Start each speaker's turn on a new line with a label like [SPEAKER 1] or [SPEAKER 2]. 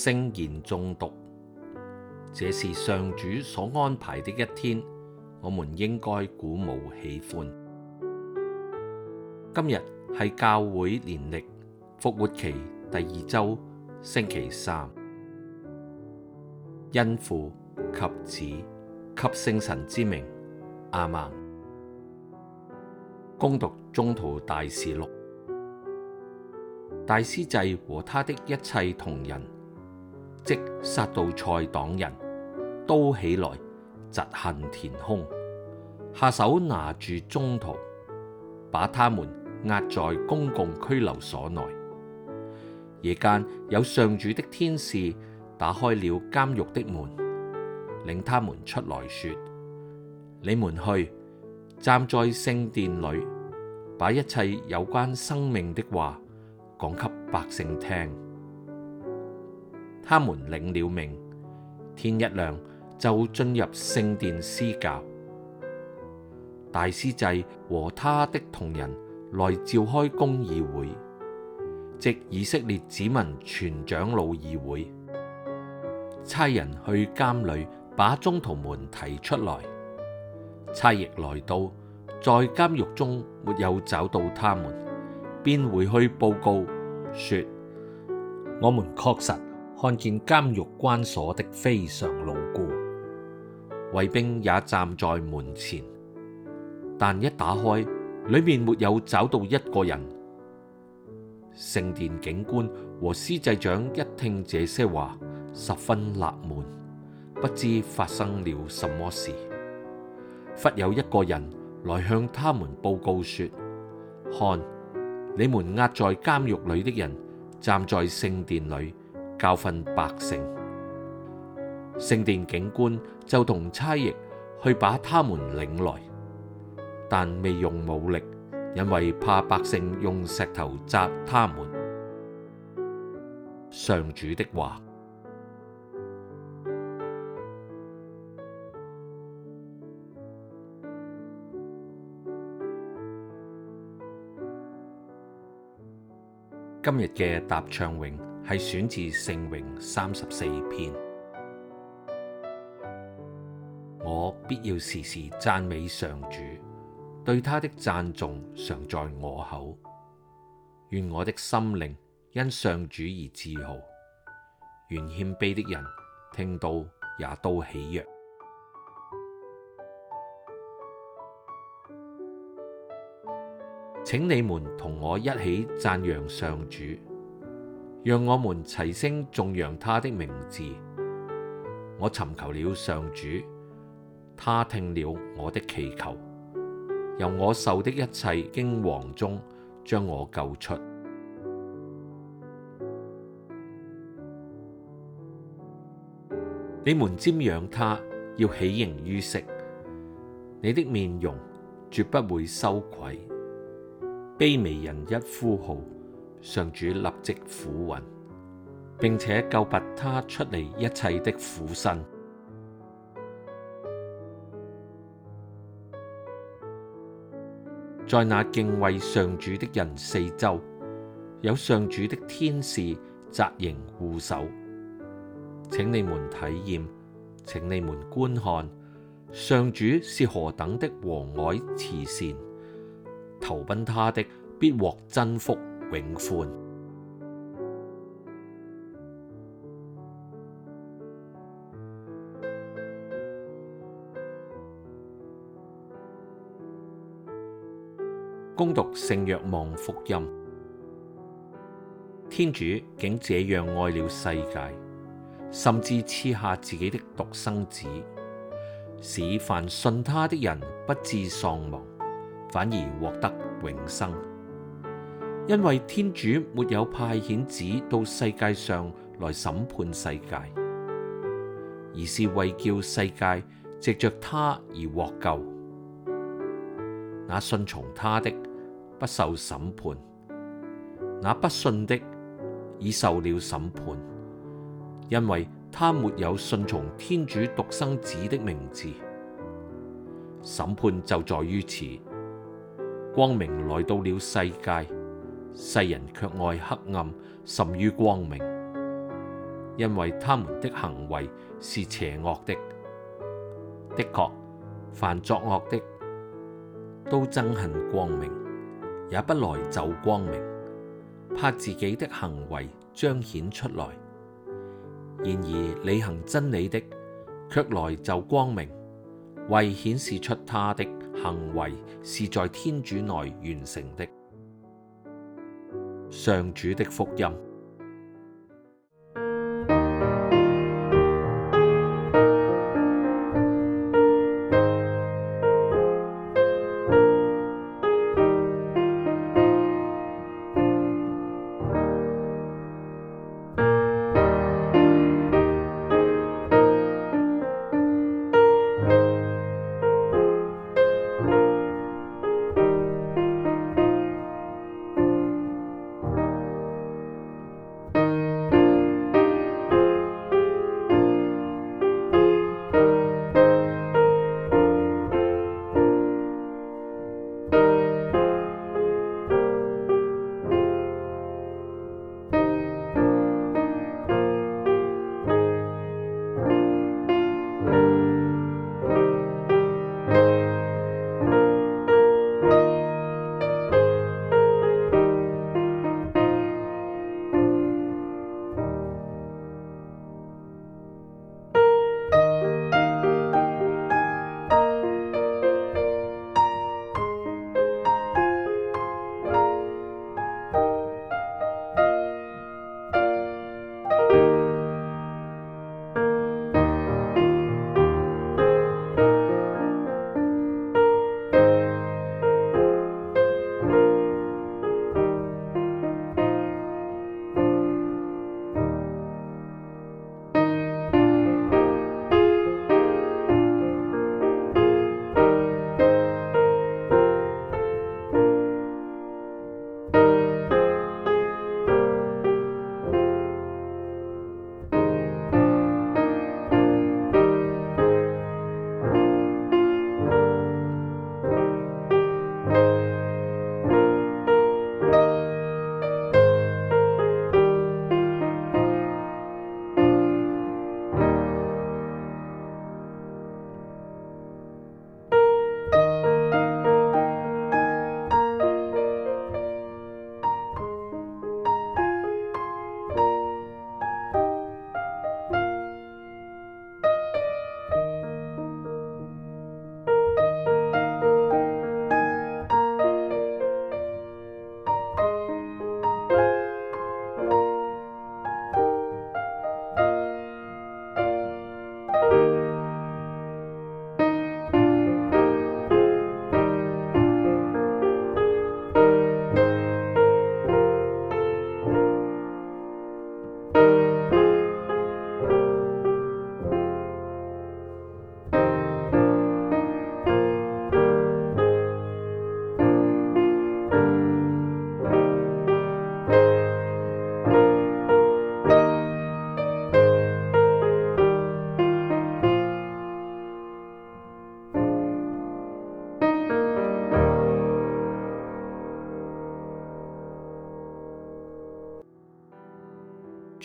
[SPEAKER 1] 聖言誦讀，這是上主所安排的一天，我們應該鼓舞喜歡。今日係教會年曆復活期第二周星期三，因父及子及聖神之名，阿門。恭讀宗徒大事錄，大司祭和他的一切同人。即撒杜塞黨人，都起來，嫉恨填胸，下手拿住宗徒，把他們押在公共拘留所內。夜間，有上主的天使打開了監獄的門，領他們出來，説：你們去，站在聖殿裏，把一切有關生命的話，講給百姓聽。他們領了命，天一亮就進入聖殿施教。大司祭和他的同人來召開公議會，即以色列子民全長老議會。差人去監裏把宗徒們提出來。差役來到，在監獄中沒有找到他們，便回去報告，說：我們確實，看見監獄關鎖的非常牢固，衛兵也站在門前，但一打開，裏面沒有找到一個人。聖殿警官和司祭長一聽這些話，十分納悶，不知發生了什麼事。忽有一個人來向他們報告說：「看，你們押在監獄裏的人，站在聖殿裏。教訓百姓，聖殿警官就同差役去把他們領來，但未用武力，因為怕百姓用石頭砸他們。上主的話：今日嘅答唱詠。係選自聖詠三十四篇，我必要時時讚美上主，對他的讚頌常在我口。願我的心靈因上主而自豪，願謙卑的人聽到也都喜躍。請你們同我一起讚揚上主。讓我們齊聲頌揚他的名字。我尋求了上主，他聽了我的祈求，由我受的一切驚惶中將我救出。你們瞻仰他，要喜形於色。你的面容絕不會羞愧，卑微人一呼號。上主立即俯允，並且救拔他出離一切的苦辛。在那敬畏上主的人四周，有上主的天使紮營護守。請你們體驗，請你們觀看，上主是何等的和藹慈善，投奔他的必獲真福。永歡。恭讀聖若望福音，天主竟這樣愛了世界，甚至賜下自己的獨生子，使凡信他的人不致喪亡，反而獲得永生。因為天主沒有派遣子到世界上來審判世界，而是為叫世界藉着他而獲救。那信從他的，不受審判，那不信的，已受了審判，因為他沒有信從天主獨生子的名字。審判就在於此，光明來到了世界。世人卻愛黑暗，甚於光明，因為他們的行為是邪惡的。的確，凡作惡的，都憎恨光明，也不來就光明，怕自己的行為彰顯出來。然而，履行真理的，卻來就光明，為顯示出他的行為是在天主內完成的。上主的福音。